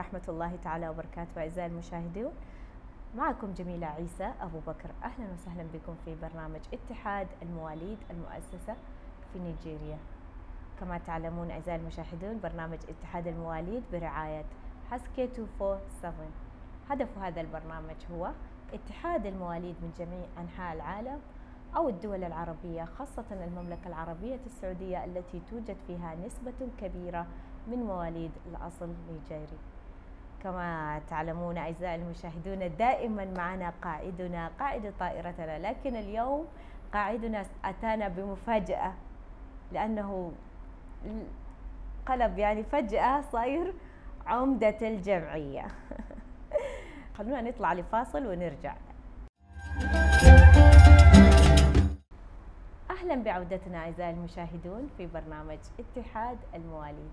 ورحمة الله تعالى وبركاته أعزائي المشاهدين معكم جميلة عيسى أبو بكر أهلا وسهلا بكم في برنامج اتحاد المواليد المؤسسة في نيجيريا كما تعلمون أعزائي المشاهدون برنامج اتحاد المواليد برعاية حسكي 247 هدف هذا البرنامج هو اتحاد المواليد من جميع أنحاء العالم أو الدول العربية خاصة المملكة العربية السعودية التي توجد فيها نسبة كبيرة من مواليد الأصل نيجيري كما تعلمون أعزائي المشاهدون دائما معنا قائدنا قائد طائرتنا لكن اليوم قائدنا أتانا بمفاجأة لأنه قلب يعني فجأة صاير عمدة الجمعية خلونا نطلع لفاصل ونرجع أهلا بعودتنا أعزائي المشاهدون في برنامج اتحاد المواليد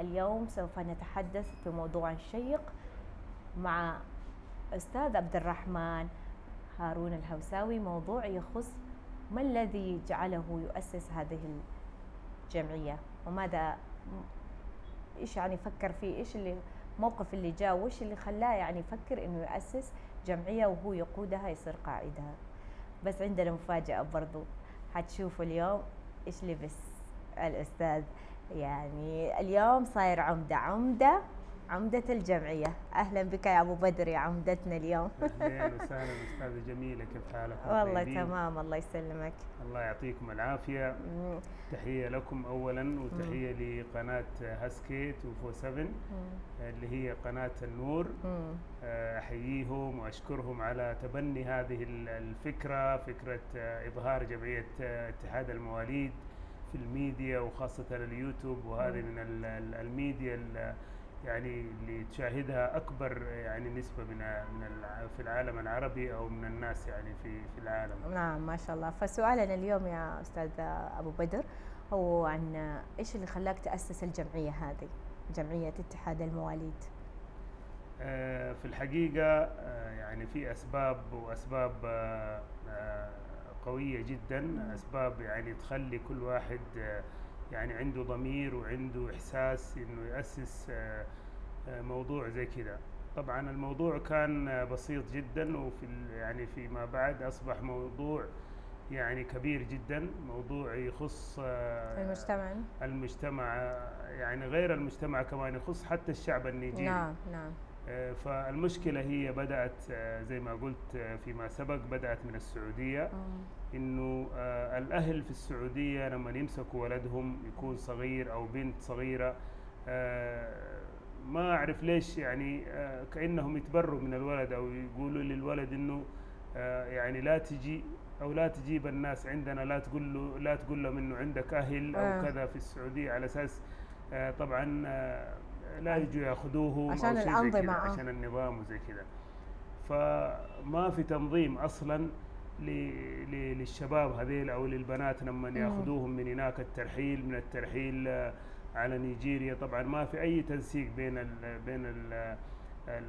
اليوم سوف نتحدث في موضوع شيق مع أستاذ عبد الرحمن هارون الهوساوي موضوع يخص ما الذي جعله يؤسس هذه الجمعية وماذا إيش يعني فكر فيه إيش اللي موقف اللي جاء وإيش اللي خلاه يعني يفكر إنه يؤسس جمعية وهو يقودها يصير قائدها بس عندنا مفاجأة برضو حتشوفوا اليوم إيش لبس الأستاذ يعني اليوم صاير عمدة عمدة عمدة الجمعية أهلا بك يا أبو بدر يا عمدتنا اليوم أهلا وسهلا أستاذة جميلة كيف حالك والله طيبين. تمام الله يسلمك الله يعطيكم العافية مم. تحية لكم أولا وتحية مم. لقناة هاسكيت وفو سفن اللي هي قناة النور آه، أحييهم وأشكرهم على تبني هذه الفكرة فكرة آه، إظهار جمعية آه، اتحاد المواليد الميديا وخاصة اليوتيوب وهذه من الميديا يعني اللي تشاهدها اكبر يعني نسبه من من في العالم العربي او من الناس يعني في في العالم. نعم ما شاء الله، فسؤالنا اليوم يا استاذ ابو بدر هو عن ايش اللي خلاك تاسس الجمعيه هذه؟ جمعيه اتحاد المواليد. آه، في الحقيقه آه، يعني في اسباب واسباب آه، قوية جدا أسباب يعني تخلي كل واحد آه، يعني عنده ضمير وعنده إحساس إنه يأسس آه، آه، موضوع زي كذا طبعا الموضوع كان بسيط جدا وفي يعني فيما بعد أصبح موضوع يعني كبير جدا موضوع يخص المجتمع المجتمع يعني غير المجتمع كمان يخص حتى الشعب النيجيري نعم نعم آه، فالمشكلة هي بدأت آه، زي ما قلت آه، فيما سبق بدأت من السعودية إنه الأهل في السعودية لما يمسكوا ولدهم يكون صغير أو بنت صغيرة ما أعرف ليش يعني كأنهم يتبروا من الولد أو يقولوا للولد إنه يعني لا تجي او لا تجيب الناس عندنا لا تقول له لا تقول لهم انه عندك اهل او كذا في السعوديه على اساس طبعا لا يجوا ياخذوه عشان الانظمه آه. عشان النظام وزي كذا فما في تنظيم اصلا للشباب هذيل او للبنات لما ياخذوهم من هناك الترحيل من الترحيل آه، على نيجيريا طبعا ما في اي تنسيق بين الـ بين الـ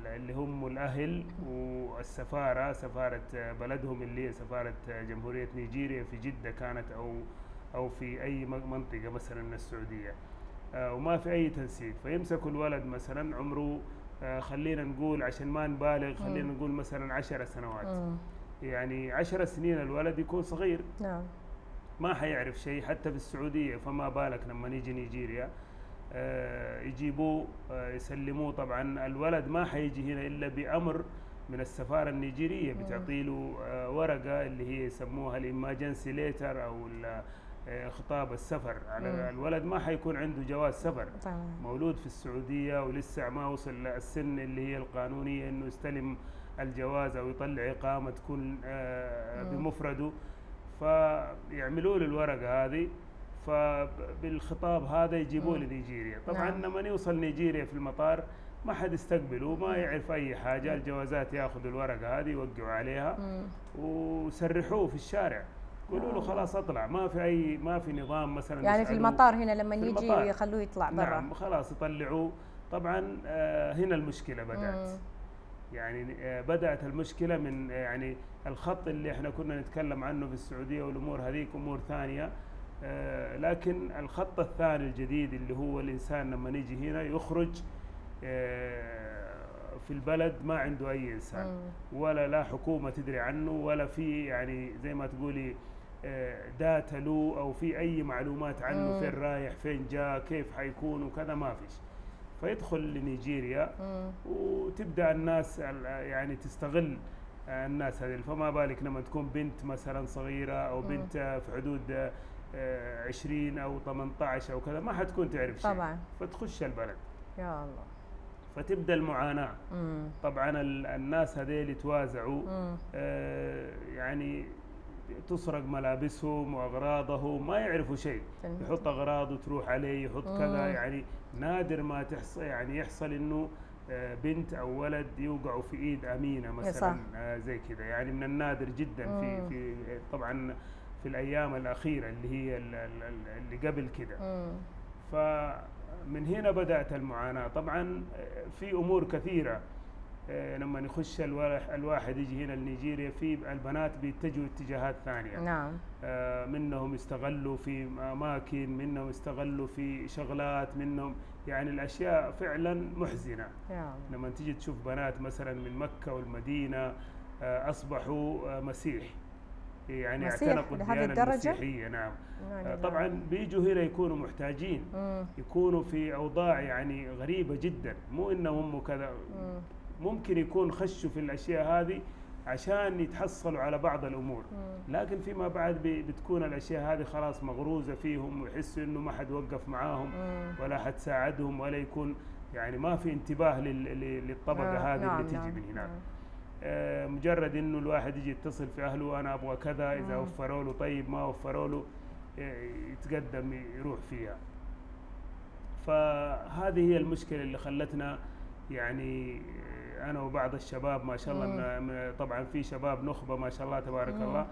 اللي هم الاهل والسفاره سفاره آه، بلدهم اللي هي سفاره جمهوريه نيجيريا في جده كانت او او في اي منطقه مثلا من السعوديه آه، وما في أي تنسيق فيمسكوا الولد مثلا عمره آه، خلينا نقول عشان ما نبالغ خلينا نقول مثلا عشر سنوات يعني عشر سنين الولد يكون صغير نعم ما حيعرف شيء حتى في السعودية فما بالك لما نيجي نيجيريا آه، يجيبوه يسلموه طبعا الولد ما حيجي هنا إلا بأمر من السفارة النيجيرية بتعطي له ورقة اللي هي يسموها الإماجنسي ليتر أو آه، خطاب السفر على مم. الولد ما حيكون عنده جواز سفر طبعا. مولود في السعودية ولسه ما وصل للسن اللي هي القانونية انه يستلم الجواز او يطلع اقامة تكون آه، بمفرده فيعملوا له الورقة هذه فبالخطاب هذا يجيبوه لنيجيريا طبعا نعم. لما يوصل نيجيريا في المطار ما حد يستقبله ما يعرف اي حاجه الجوازات ياخذوا الورقه هذه يوقعوا عليها مم. وسرحوه في الشارع قولوا له خلاص اطلع ما في اي ما في نظام مثلا يعني في المطار هنا لما يجي يخلوه يطلع برا نعم خلاص يطلعوه طبعا آه، هنا المشكله بدات يعني آه، بدات المشكله من آه، يعني الخط اللي احنا كنا نتكلم عنه في السعوديه والامور هذيك امور ثانيه لكن الخط الثاني الجديد اللي هو الانسان لما يجي هنا يخرج في البلد ما عنده اي انسان ولا لا حكومه تدري عنه ولا في يعني زي ما تقولي داتا آه، له او في اي معلومات عنه مم. فين رايح فين جاء كيف حيكون وكذا ما فيش فيدخل لنيجيريا وتبدا الناس يعني تستغل آه، الناس هذه فما بالك لما تكون بنت مثلا صغيره او بنت في حدود 20 آه، او 18 او كذا ما حتكون تعرف شيء طبعا فتخش البلد يا الله فتبدا المعاناه مم. طبعا الناس هذيل يتوازعوا آه يعني تسرق ملابسهم واغراضهم ما يعرفوا شيء يحط اغراض وتروح عليه يحط كذا يعني نادر ما تحصل يعني يحصل انه آه، بنت او ولد يوقعوا في ايد امينه مثلا آه، زي كذا يعني من النادر جدا في في طبعا في الايام الاخيره اللي هي اللي قبل كذا فمن هنا بدات المعاناه طبعا آه، في امور كثيره آه، لما نخش الواحد يجي هنا لنيجيريا في البنات بيتجهوا اتجاهات ثانيه نعم آه، منهم استغلوا في اماكن منهم استغلوا في شغلات منهم يعني الاشياء فعلا محزنه نعم. لما تيجي تشوف بنات مثلا من مكه والمدينه آه، اصبحوا مسيح يعني مسيح اعتنقوا الديانه الدرجة؟ المسيحيه نعم, نعم طبعا نعم. بيجوا هنا يكونوا محتاجين يكونوا في اوضاع يعني غريبه جدا مو انهم كذا ممكن يكون خشوا في الاشياء هذه عشان يتحصلوا على بعض الامور لكن فيما بعد بتكون الاشياء هذه خلاص مغروزه فيهم ويحسوا انه ما حد وقف معاهم ولا حد ساعدهم ولا يكون يعني ما في انتباه للطبقه نعم، هذه اللي نعم، تيجي نعم، من هناك آه، مجرد انه الواحد يجي يتصل في اهله انا ابغى كذا اذا وفروا له طيب ما وفروا له يتقدم يروح فيها فهذه هي المشكله اللي خلتنا يعني انا وبعض الشباب ما شاء الله طبعا في شباب نخبه ما شاء الله تبارك الله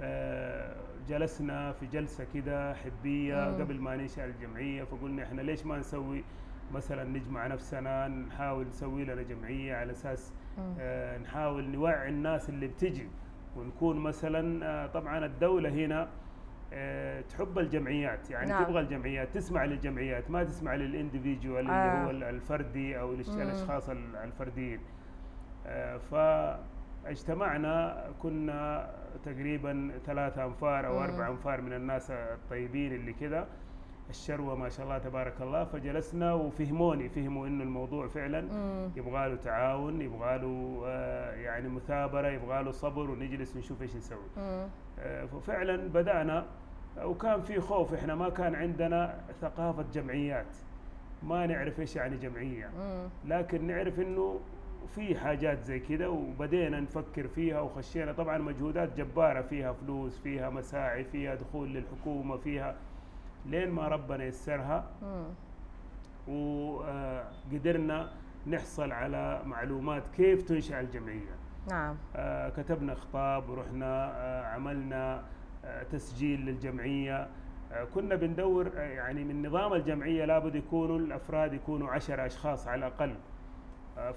آه، جلسنا في جلسه كده حبيه قبل ما ننشا الجمعيه فقلنا احنا ليش ما نسوي مثلا نجمع نفسنا نحاول نسوي لنا جمعيه على اساس آه، نحاول نوعي الناس اللي بتجي ونكون مثلا آه، طبعا الدوله هنا آه، تحب الجمعيات يعني نعم. تبغى الجمعيات تسمع للجمعيات ما تسمع للانديفيدوال آه. اللي هو الفردي او الاشخاص الفرديين آه، فاجتمعنا كنا تقريبا ثلاثة أنفار أو أربع أنفار من الناس الطيبين اللي كذا الشروة ما شاء الله تبارك الله فجلسنا وفهموني فهموا إنه الموضوع فعلا يبغى له تعاون يبغى له آه، يعني مثابرة يبغى له صبر ونجلس ونشوف إيش نسوي ففعلا بدأنا وكان في خوف احنا ما كان عندنا ثقافه جمعيات ما نعرف ايش يعني جمعيه لكن نعرف انه في حاجات زي كده وبدينا نفكر فيها وخشينا طبعا مجهودات جباره فيها فلوس فيها مساعي فيها دخول للحكومه فيها لين ما ربنا يسرها وقدرنا آه، نحصل على معلومات كيف تنشا الجمعيه نعم آه كتبنا خطاب ورحنا آه عملنا تسجيل للجمعيه كنا بندور يعني من نظام الجمعيه لابد يكونوا الافراد يكونوا عشر اشخاص على الاقل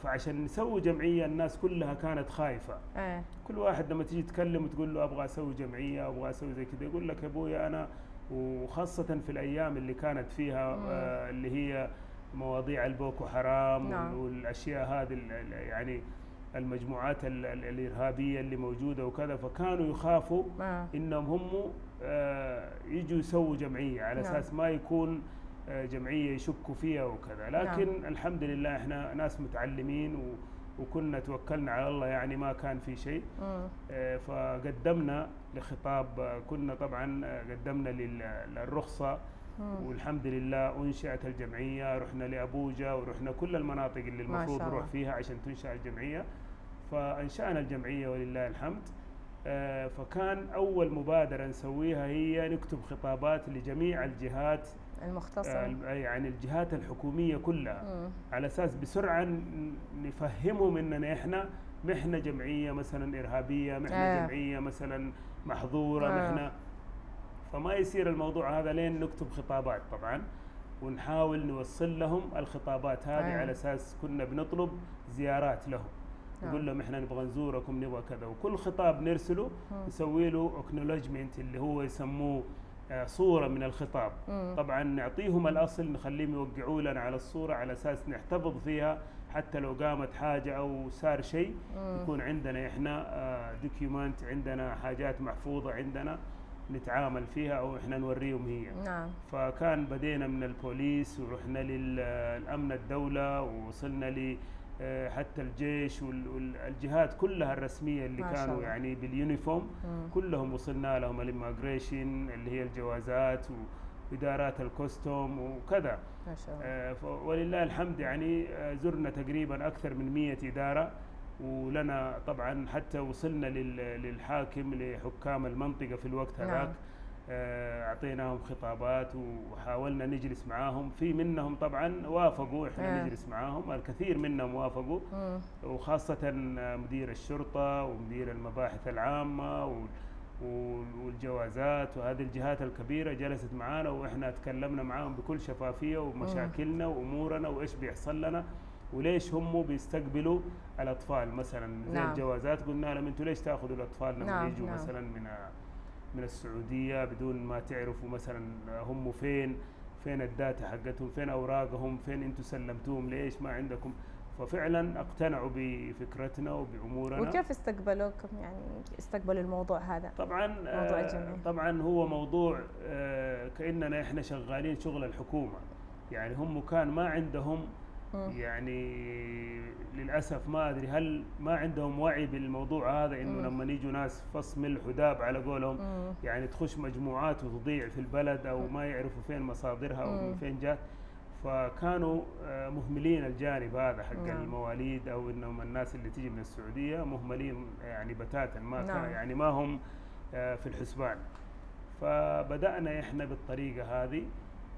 فعشان نسوي جمعيه الناس كلها كانت خايفه أه. كل واحد لما تيجي تكلم وتقول له ابغى اسوي جمعيه ابغى اسوي زي كذا يقول لك يا ابويا انا وخاصه في الايام اللي كانت فيها آه اللي هي مواضيع البوكو حرام نعم. والاشياء هذه يعني المجموعات الارهابيه اللي موجوده وكذا فكانوا يخافوا آه. انهم هم آه يجوا يسووا جمعيه على نعم. اساس ما يكون آه جمعيه يشكوا فيها وكذا نعم. لكن نعم. الحمد لله احنا ناس متعلمين و وكنا توكلنا على الله يعني ما كان في شيء آه فقدمنا لخطاب كنا طبعا آه، قدمنا للرخصه والحمد لله انشات الجمعيه رحنا لابوجا ورحنا كل المناطق اللي المفروض نروح فيها عشان تنشا الجمعيه فأنشأنا الجمعية ولله الحمد آه، فكان أول مبادرة نسويها هي نكتب خطابات لجميع الجهات المختصة آه، يعني الجهات الحكومية كلها م. على أساس بسرعة نفهمهم أننا إحنا محنة جمعية مثلا إرهابية محنة آه. جمعية مثلا محظورة آه. محنة فما يصير الموضوع هذا لين نكتب خطابات طبعا ونحاول نوصل لهم الخطابات هذه آه. على أساس كنا بنطلب زيارات لهم نقول نعم. لهم احنا نبغى نزوركم نبغى كذا وكل خطاب نرسله نسوي له اكنولجمنت اللي هو يسموه آه، صوره من الخطاب مم. طبعا نعطيهم الاصل نخليهم يوقعوا لنا على الصوره على اساس نحتفظ فيها حتى لو قامت حاجه او صار شيء يكون عندنا احنا دوكيومنت آه، عندنا حاجات محفوظه عندنا نتعامل فيها او احنا نوريهم هي نعم. فكان بدينا من البوليس ورحنا للامن آه، الدوله ووصلنا آه، حتى الجيش والجهات كلها الرسميه اللي كانوا يعني باليونيفورم كلهم وصلنا لهم الاميجريشن اللي هي الجوازات وادارات الكوستوم وكذا ما شاء الله آه، ولله الحمد يعني آه، زرنا تقريبا اكثر من 100 اداره ولنا طبعا حتى وصلنا للحاكم لحكام المنطقه في الوقت نعم. هذاك نعم. آه، اعطيناهم خطابات وحاولنا نجلس معاهم في منهم طبعا وافقوا احنا آه. نجلس معاهم الكثير منهم وافقوا آه. وخاصه مدير الشرطه ومدير المباحث العامه والجوازات وهذه الجهات الكبيره جلست معانا واحنا تكلمنا معاهم بكل شفافيه ومشاكلنا وامورنا وايش بيحصل لنا وليش هم بيستقبلوا الاطفال مثلا زي نعم. الجوازات قلنا لهم انتم ليش تاخذوا الاطفال لما نعم. يجوا نعم. مثلا من من السعوديه بدون ما تعرفوا مثلا هم فين فين الداتا حقتهم فين اوراقهم فين انتم سلمتوهم ليش ما عندكم ففعلا اقتنعوا بفكرتنا وبامورنا وكيف استقبلوكم يعني استقبلوا الموضوع هذا طبعا موضوع آه، طبعا هو موضوع آه، كاننا احنا شغالين شغل الحكومه يعني هم كان ما عندهم يعني للاسف ما ادري هل ما عندهم وعي بالموضوع هذا انه لما يجوا ناس فص ملح وداب على قولهم يعني تخش مجموعات وتضيع في البلد او ما يعرفوا فين مصادرها او من فين جات فكانوا آه، مهملين الجانب هذا حق نعم. المواليد او انهم الناس اللي تيجي من السعوديه مهملين يعني بتاتا ما نعم. يعني ما هم آه، في الحسبان فبدانا احنا بالطريقه هذه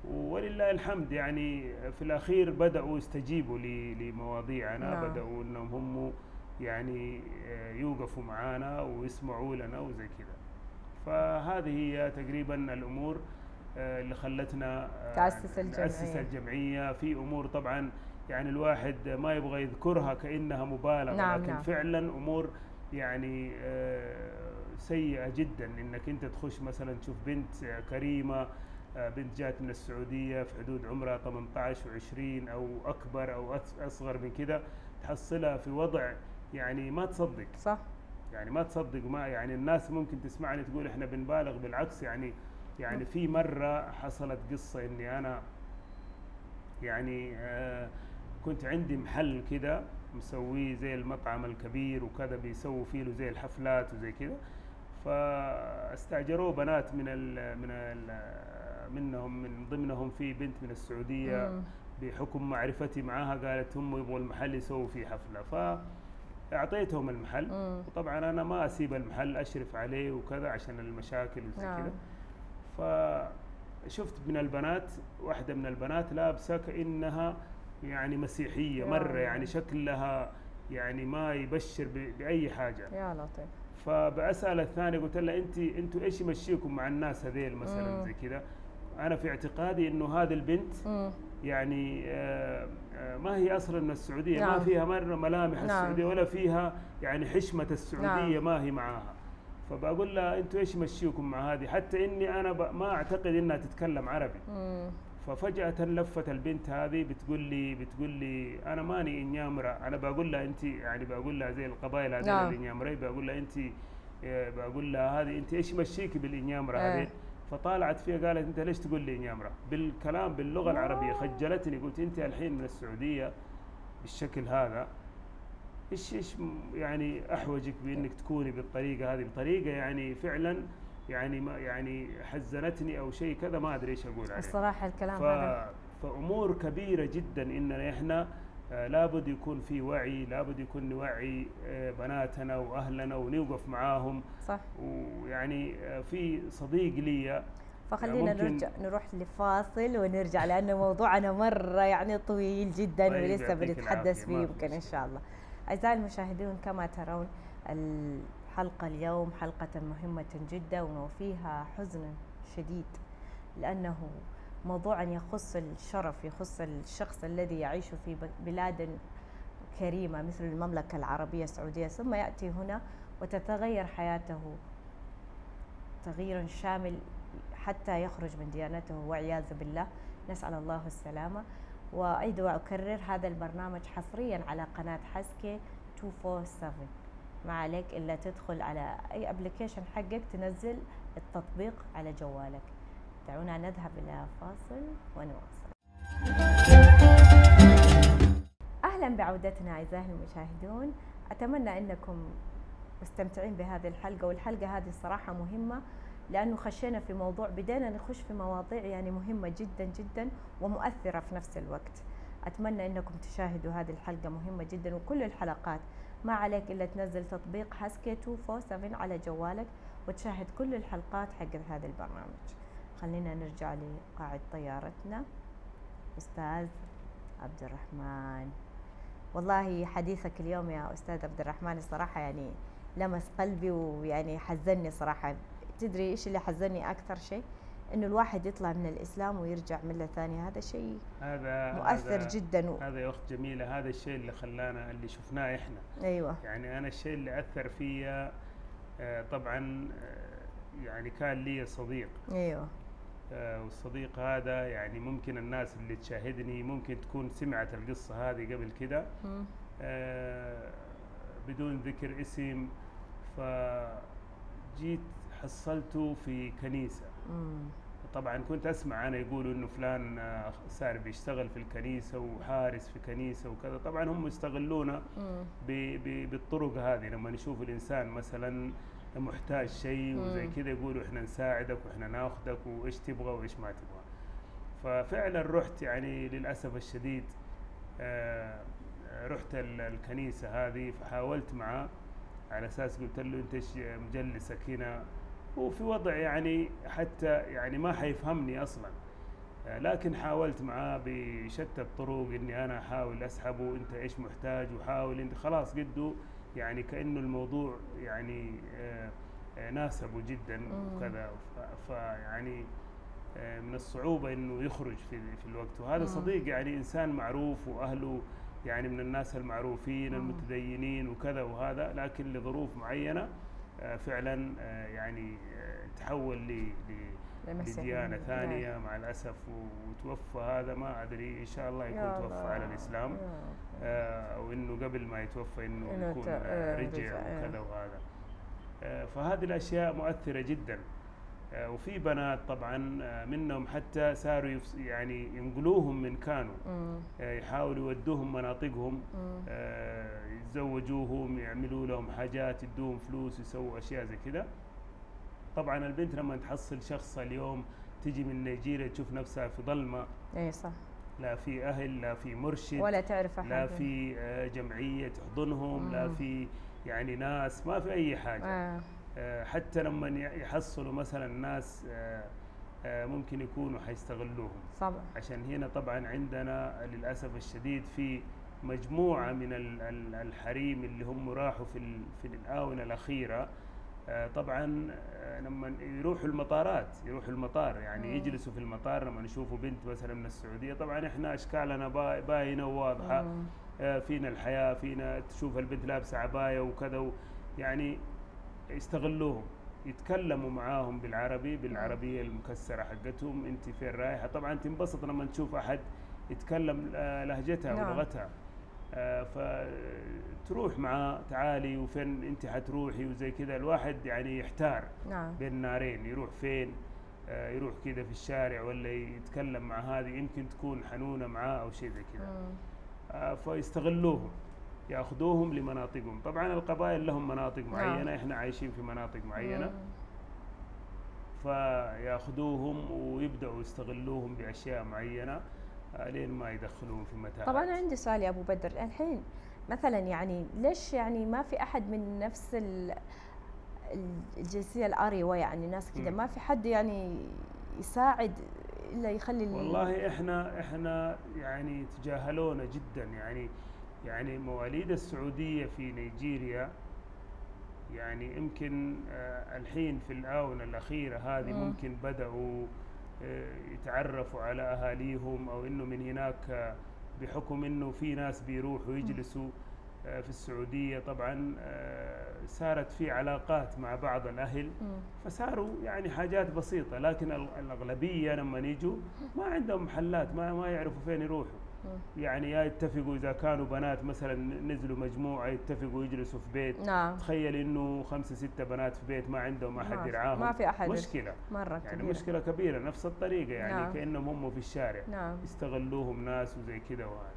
ولله الحمد يعني في الأخير بدأوا يستجيبوا لمواضيعنا نعم. بدأوا أنهم هم يعني آه، يوقفوا معانا ويسمعوا لنا وزي كذا فهذه هي تقريبا الأمور آه، اللي خلتنا آه، تأسس الجمعية تأسس الجمعية في أمور طبعا يعني الواحد ما يبغى يذكرها كأنها مبالغة نعم لكن نعم. فعلا أمور يعني سيئة جدا انك انت تخش مثلا تشوف بنت كريمة آه، بنت جات من السعودية في حدود عمرها 18 و20 أو أكبر أو أصغر من كده تحصلها في وضع يعني ما تصدق صح يعني ما تصدق ما يعني الناس ممكن تسمعني تقول احنا بنبالغ بالعكس يعني يعني في مرة حصلت قصة اني انا يعني آه كنت عندي محل كده مسويه زي المطعم الكبير وكذا بيسووا فيه زي الحفلات وزي كده فاستاجروه بنات من ال من ال منهم من ضمنهم في بنت من السعوديه مم. بحكم معرفتي معاها قالت هم يبغوا المحل يسووا فيه حفله ف اعطيتهم المحل مم. وطبعا انا ما اسيب المحل اشرف عليه وكذا عشان المشاكل وزي نعم. كذا فشفت من البنات واحده من البنات لابسه كانها يعني مسيحيه مره يعني شكلها يعني ما يبشر باي حاجه يا لطيف فبسال الثاني قلت لها انت انتوا ايش يمشيكم مع الناس هذيل مثلا زي كذا انا في اعتقادي انه هذه البنت مم. يعني آه، آه، ما هي اصلا من السعوديه نعم. ما فيها مره ملامح نعم. السعوديه ولا فيها يعني حشمه السعوديه نعم. ما هي معاها فبقول لها انتوا ايش مشيكم مع هذه حتى اني انا ما اعتقد انها تتكلم عربي مم. ففجأة لفت البنت هذه بتقول لي بتقول لي أنا ماني إنيامرة أنا بقول لها أنت يعني بقول لها زي القبائل هذه نعم. الإنيامرية بقول لها أنت آه، بقول لها هذه أنت إيش مشيكي بالإنيامرة إيه. هذه فطالعت فيها قالت انت ليش تقول لي نيامره بالكلام باللغه العربيه خجلتني قلت انت الحين من السعوديه بالشكل هذا ايش ايش يعني احوجك بانك تكوني بالطريقه هذه بطريقه يعني فعلا يعني ما يعني حزنتني او شيء كذا ما ادري ايش اقول عليه الصراحه الكلام ف... هذا فامور كبيره جدا اننا احنا آه، لابد يكون في وعي لابد يكون نوعي آه، بناتنا واهلنا ونوقف معاهم صح ويعني آه، في صديق لي فخلينا نرجع نروح لفاصل ونرجع لانه موضوعنا مره يعني طويل جدا ولسه بنتحدث فيه يمكن ان شاء الله. اعزائي المشاهدين كما ترون الحلقه اليوم حلقه مهمه جدا وفيها حزن شديد لانه موضوع يخص الشرف يخص الشخص الذي يعيش في بلاد كريمة مثل المملكة العربية السعودية ثم يأتي هنا وتتغير حياته تغيير شامل حتى يخرج من ديانته والعياذ بالله نسأل الله السلامة وأيضا وأكرر هذا البرنامج حصريا على قناة حسكي 247 ما عليك إلا تدخل على أي ابلكيشن حقك تنزل التطبيق على جوالك دعونا نذهب إلى فاصل ونواصل أهلا بعودتنا أعزائي المشاهدون أتمنى أنكم مستمتعين بهذه الحلقة والحلقة هذه الصراحة مهمة لأنه خشينا في موضوع بدينا نخش في مواضيع يعني مهمة جدا جدا ومؤثرة في نفس الوقت أتمنى أنكم تشاهدوا هذه الحلقة مهمة جدا وكل الحلقات ما عليك إلا تنزل تطبيق حسكي 247 على جوالك وتشاهد كل الحلقات حق هذا البرنامج خلينا نرجع لقاعد طيارتنا أستاذ عبد الرحمن والله حديثك اليوم يا أستاذ عبد الرحمن الصراحة يعني لمس قلبي ويعني حزني صراحة تدري إيش اللي حزني أكثر شيء انه الواحد يطلع من الاسلام ويرجع مله ثانيه هذا شيء هذا مؤثر هذا جدا و... هذا يا اخت جميله هذا الشيء اللي خلانا اللي شفناه احنا ايوه يعني انا الشيء اللي اثر فيا آه، طبعا آه، يعني كان لي صديق ايوه آه، والصديق هذا يعني ممكن الناس اللي تشاهدني ممكن تكون سمعت القصة هذه قبل كده آه، بدون ذكر اسم فجيت حصلته في كنيسة طبعا كنت اسمع انا يقولوا انه فلان آه، صار بيشتغل في الكنيسه وحارس في كنيسه وكذا طبعا هم يستغلونا بالطرق هذه لما نشوف الانسان مثلا محتاج شيء وزي كذا يقولوا احنا نساعدك واحنا ناخذك وايش تبغى وايش ما تبغى ففعلا رحت يعني للاسف الشديد آه، رحت الكنيسه هذه فحاولت معاه على اساس قلت له انت مجلسك هنا هو في وضع يعني حتى يعني ما حيفهمني اصلا لكن حاولت معاه بشتى الطرق اني انا احاول اسحبه انت ايش محتاج وحاول انت خلاص قده يعني كانه الموضوع يعني آه، ناسبه جدا وكذا فيعني آه، من الصعوبه انه يخرج في في الوقت وهذا صديق يعني انسان معروف واهله يعني من الناس المعروفين المتدينين وكذا وهذا لكن لظروف معينه آه، فعلا آه، يعني آه، تحول لديانه نعم. ثانيه مع الاسف وتوفى هذا ما ادري ان شاء الله يكون توفى على الاسلام او انه قبل ما يتوفى انه يكون رجع وكذا إيه. وهذا فهذه الاشياء مؤثره جدا آه، وفي بنات طبعا آه، منهم حتى صاروا يعني ينقلوهم من كانوا آه، يحاولوا يودوهم مناطقهم يتزوجوهم يعملوا لهم حاجات يدوهم فلوس يسووا اشياء زي كذا طبعا البنت لما تحصل شخص اليوم تجي من نيجيريا تشوف نفسها في ظلمه اي صح لا في اهل لا في مرشد ولا تعرف أحد لا في جمعيه تحضنهم لا في يعني ناس ما في اي حاجه آه. آه، حتى لما يحصلوا مثلا ناس آه، آه، ممكن يكونوا حيستغلوهم طبعا عشان هنا طبعا عندنا للاسف الشديد في مجموعه من الحريم اللي هم راحوا في في الاونه الاخيره طبعا لما يروحوا المطارات يروحوا المطار يعني مم. يجلسوا في المطار لما يشوفوا بنت مثلا من السعوديه طبعا احنا اشكالنا باينه وواضحه فينا الحياه فينا تشوف البنت لابسه عبايه وكذا يعني يستغلوهم يتكلموا معاهم بالعربي بالعربية المكسرة حقتهم انت فين رايحة طبعا تنبسط لما تشوف أحد يتكلم آه، لهجتها نعم. ولغتها آه، فتروح معاه تعالي وفين انت حتروحي وزي كذا الواحد يعني يحتار نعم. بين نارين يروح فين آه، يروح كذا في الشارع ولا يتكلم مع هذه يمكن تكون حنونه معاه او شيء زي كذا فيستغلوهم ياخذوهم لمناطقهم طبعا القبائل لهم مناطق نعم. معينه احنا عايشين في مناطق معينه فياخذوهم ويبداوا يستغلوهم باشياء معينه آه، لين ما يدخلوهم في متاهات طبعا عندي سؤال يا ابو بدر الحين مثلا يعني ليش يعني ما في احد من نفس الجنسيه الاريوه يعني ناس كذا ما في حد يعني يساعد الا يخلي والله احنا احنا يعني تجاهلونا جدا يعني يعني مواليد السعودية في نيجيريا يعني يمكن آه، الحين في الآونة الأخيرة هذه ممكن بدأوا آه، يتعرفوا على أهاليهم أو إنه من هناك آه، بحكم إنه في ناس بيروحوا يجلسوا في السعودية طبعا صارت في علاقات مع بعض الأهل فصاروا يعني حاجات بسيطة لكن الأغلبية لما يجوا ما عندهم محلات ما ما يعرفوا فين يروحوا يعني يا يتفقوا اذا كانوا بنات مثلا نزلوا مجموعه يتفقوا يجلسوا في بيت نعم تخيل انه خمسه سته بنات في بيت ما عندهم احد يرعاهم ما في احد مشكله مره يعني كبيرة. مشكله كبيره نفس الطريقه يعني نعم. كانهم هم في الشارع نعم. استغلوهم ناس وزي كذا وهذا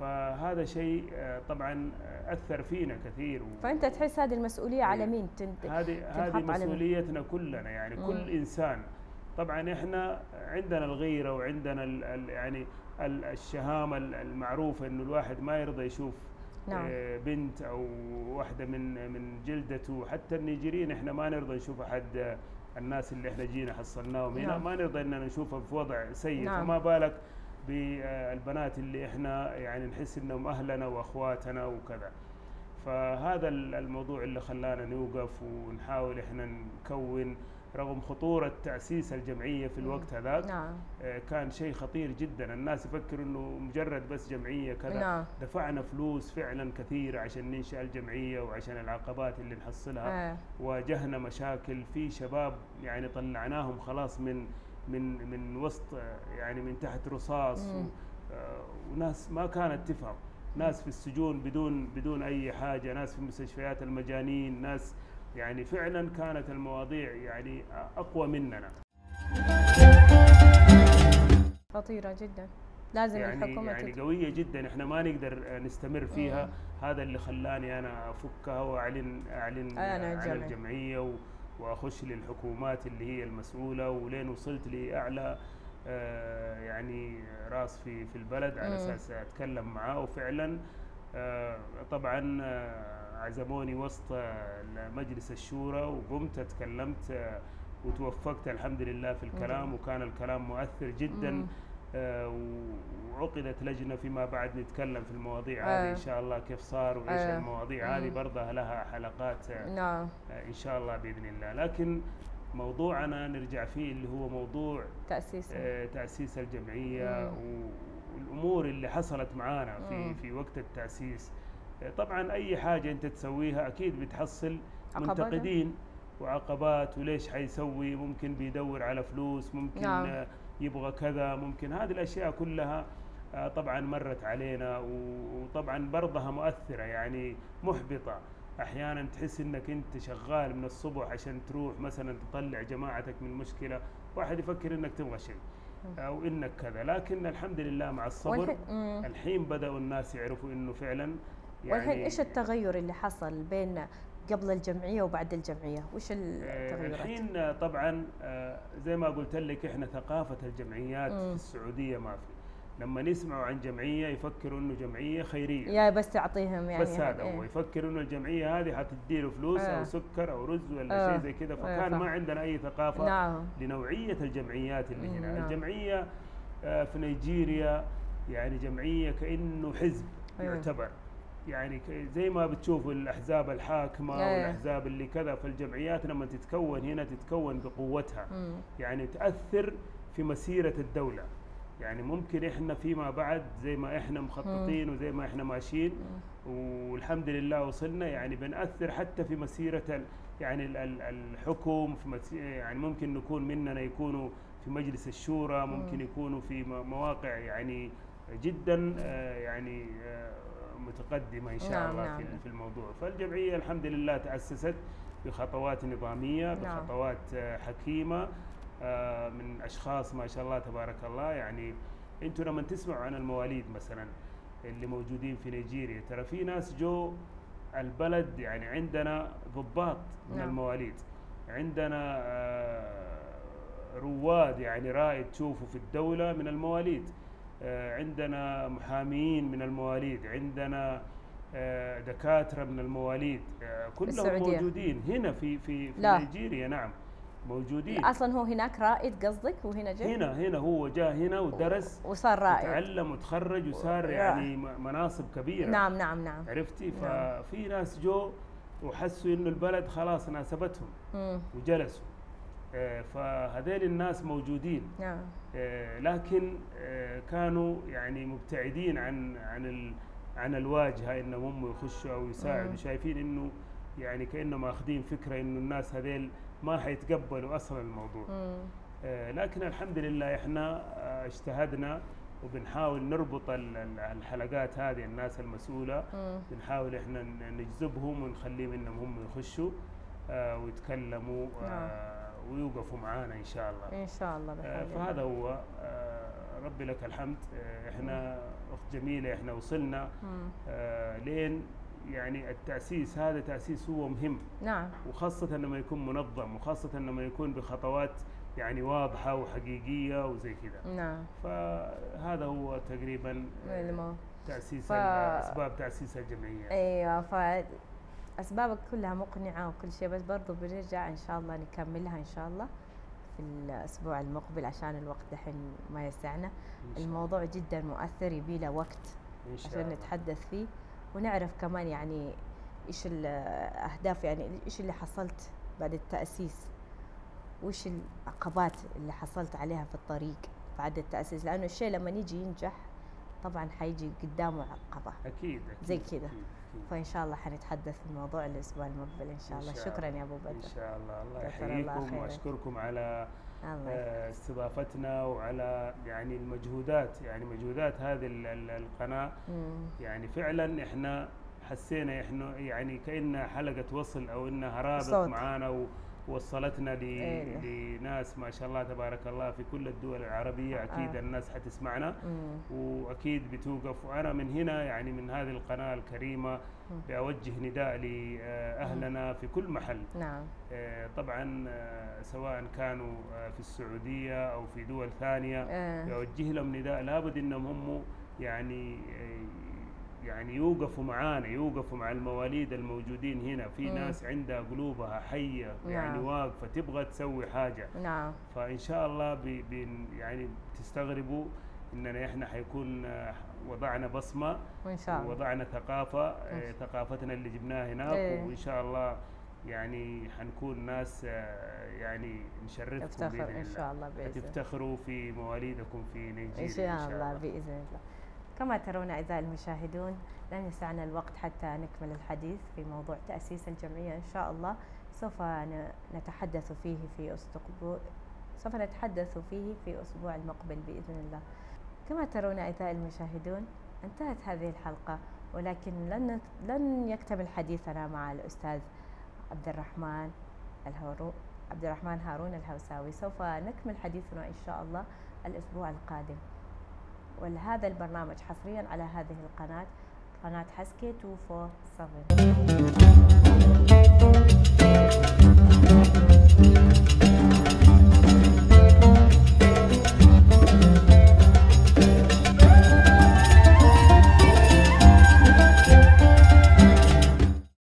فهذا شيء آه، طبعا آه، اثر فينا كثير و... فانت تحس هذه المسؤوليه على إيه. مين تنت... هذه هذه مسؤوليتنا كلنا يعني مم. كل انسان طبعا احنا عندنا الغيره وعندنا الـ الـ يعني الشهامه المعروفه انه الواحد ما يرضى يشوف نعم. آه، بنت او واحده من من جلدته حتى النيجيريين احنا ما نرضى نشوف احد آه، الناس اللي احنا جينا حصلناهم هنا نعم. ما نرضى اننا نشوفهم في وضع سيء نعم. فما بالك بالبنات اللي احنا يعني نحس انهم اهلنا واخواتنا وكذا فهذا الموضوع اللي خلانا نوقف ونحاول احنا نكون رغم خطورة تأسيس الجمعية في الوقت هذاك نعم. آه، كان شيء خطير جدا الناس يفكروا أنه مجرد بس جمعية كذا نعم. دفعنا فلوس فعلا كثيرة عشان ننشأ الجمعية وعشان العقبات اللي نحصلها اه. واجهنا مشاكل في شباب يعني طلعناهم خلاص من من من وسط آه، يعني من تحت رصاص و آه، وناس ما كانت تفهم ناس في السجون بدون بدون اي حاجه ناس في مستشفيات المجانين ناس يعني فعلا كانت المواضيع يعني اقوى مننا خطيره جدا لازم يعني الحكومه يعني قويه جدا احنا ما نقدر نستمر فيها مم. هذا اللي خلاني انا افكها واعلن اعلن عن الجمعيه و واخش للحكومات اللي هي المسؤوله ولين وصلت لاعلى آه يعني راس في في البلد على اساس اتكلم معاه وفعلا آه، طبعا آه، عزموني وسط آه، مجلس الشورى وقمت اتكلمت وتوفقت الحمد لله في الكلام وكان الكلام مؤثر جدا وعقدت لجنه فيما بعد نتكلم في المواضيع هذه ان شاء الله كيف صار وايش المواضيع هذه برضه لها حلقات نعم ان شاء الله باذن الله لكن موضوعنا نرجع فيه اللي هو موضوع تاسيس تاسيس الجمعيه والامور اللي حصلت معانا في في وقت التاسيس طبعا اي حاجه انت تسويها اكيد بتحصل منتقدين وعقبات وليش حيسوي ممكن بيدور على فلوس ممكن نعم. يبغى كذا ممكن هذه الاشياء كلها آه، طبعا مرت علينا وطبعا برضها مؤثره يعني محبطه احيانا تحس انك انت شغال من الصبح عشان تروح مثلا تطلع جماعتك من مشكله واحد يفكر انك تبغى شيء او انك كذا لكن الحمد لله مع الصبر الحين بداوا الناس يعرفوا انه فعلا يعني والحين ايش التغير اللي حصل بين قبل الجمعيه وبعد الجمعيه وش التغيرات آه، الحين طبعا آه، زي ما قلت لك احنا ثقافه الجمعيات في السعوديه ما في لما يسمعوا عن جمعيه يفكروا انه جمعيه خيريه يا بس تعطيهم يعني بس هذا هو يفكر انه الجمعيه هذه حتديله فلوس آه. او سكر او رز ولا آه. شيء زي كذا آه، فكان ما عندنا اي ثقافه نعم. لنوعيه الجمعيات اللي هنا نعم. الجمعيه في نيجيريا يعني جمعيه كانه حزب أيوه. يعتبر يعني زي ما بتشوفوا الاحزاب الحاكمه أيوه. والاحزاب اللي كذا فالجمعيات لما تتكون هنا تتكون بقوتها يعني تاثر في مسيره الدوله يعني ممكن احنا فيما بعد زي ما احنا مخططين وزي ما احنا ماشيين والحمد لله وصلنا يعني بنأثر حتى في مسيرة يعني الحكم في يعني ممكن نكون مننا يكونوا في مجلس الشورى ممكن يكونوا في مواقع يعني جدا آه، يعني آه، متقدمة إن شاء الله نعم،, نعم. في الموضوع فالجمعية الحمد لله تأسست بخطوات نظامية نعم. بخطوات آه، حكيمة آه، من اشخاص ما شاء الله تبارك الله يعني انتم لما تسمعوا عن المواليد مثلا اللي موجودين في نيجيريا ترى في ناس جو البلد يعني عندنا ضباط من نعم. المواليد عندنا آه، رواد يعني رائد تشوفه في الدولة من المواليد آه، عندنا محاميين من المواليد عندنا دكاترة من المواليد كلهم موجودين هنا في في في نيجيريا نعم موجودين اصلا هو هناك رائد قصدك وهنا جاء هنا هنا هو جاء هنا ودرس وصار رائد وتعلم وتخرج وصار يعني مناصب كبيره نعم نعم نعم عرفتي نعم. ففي ناس جو وحسوا انه البلد خلاص ناسبتهم وجلسوا آه، فهذيل الناس موجودين نعم. آه، لكن آه، كانوا يعني مبتعدين عن عن عن الواجهه انهم هم يخشوا او يساعدوا شايفين انه يعني كانهم اخذين فكره انه الناس هذيل ما حيتقبلوا اصلا الموضوع آه لكن الحمد لله احنا آه، اجتهدنا وبنحاول نربط الحلقات هذه الناس المسؤوله مم. بنحاول احنا نجذبهم ونخليهم انهم هم يخشوا آه ويتكلموا آه نعم. ويوقفوا معانا ان شاء الله ان شاء الله آه فهذا هو آه ربي لك الحمد آه احنا اخت جميله احنا وصلنا آه لين يعني التأسيس هذا تأسيس هو مهم نعم وخاصة لما يكون منظم وخاصة لما يكون بخطوات يعني واضحة وحقيقية وزي كذا نعم فهذا هو تقريبا تأسيس ف... أسباب تأسيس الجمعية أيوة ف أسبابك كلها مقنعة وكل شيء بس برضو بنرجع إن شاء الله نكملها إن شاء الله في الأسبوع المقبل عشان الوقت دحين ما يسعنا الموضوع جدا مؤثر يبي له وقت عشان نتحدث فيه ونعرف كمان يعني ايش الاهداف يعني ايش اللي حصلت بعد التاسيس وايش العقبات اللي حصلت عليها في الطريق بعد التاسيس لانه الشيء لما يجي ينجح طبعا حيجي قدامه عقبه اكيد, أكيد زي كذا فان شاء الله حنتحدث في الموضوع الاسبوع المقبل ان شاء الله إن شاء شكرا يا ابو بدر ان شاء الله الله يحييكم واشكركم على آه، استضافتنا وعلى يعني المجهودات يعني مجهودات هذه القناه يعني فعلا احنا حسينا احنا يعني كانها حلقه وصل او انها رابط معانا وصلتنا ل... إيه. لناس ما شاء الله تبارك الله في كل الدول العربية آه. أكيد آه. الناس حتسمعنا مم. وأكيد بتوقف وأنا من هنا يعني من هذه القناة الكريمة بأوجه نداء لأهلنا في كل محل نعم. آه، طبعا آه، سواء كانوا في السعودية أو في دول ثانية آه. بأوجه لهم نداء لابد أنهم هم يعني يعني يوقفوا معانا يوقفوا مع المواليد الموجودين هنا في مم. ناس عندها قلوبها حيه يعني نعم. يعني واقفه تبغى تسوي حاجه نعم فان شاء الله بي بي يعني تستغربوا اننا احنا حيكون آه، وضعنا بصمه وان شاء الله وضعنا ثقافه آه، ثقافتنا اللي جبناها هناك ايه. وان شاء الله يعني حنكون ناس آه، يعني نشرفكم افتخر باذن الله ان شاء الله باذن الله تفتخروا في مواليدكم في نيجيريا ان شاء الله باذن الله كما ترون أعزائي المشاهدون لن يسعنا الوقت حتى نكمل الحديث في موضوع تأسيس الجمعية إن شاء الله سوف نتحدث فيه في أسبوع سوف نتحدث فيه في أسبوع المقبل بإذن الله كما ترون أعزائي المشاهدون انتهت هذه الحلقة ولكن لن لن يكتمل حديثنا مع الأستاذ عبد الرحمن الهارو عبد الرحمن هارون الهوساوي سوف نكمل حديثنا إن شاء الله الأسبوع القادم ولهذا البرنامج حصريا على هذه القناة قناة حسكي 247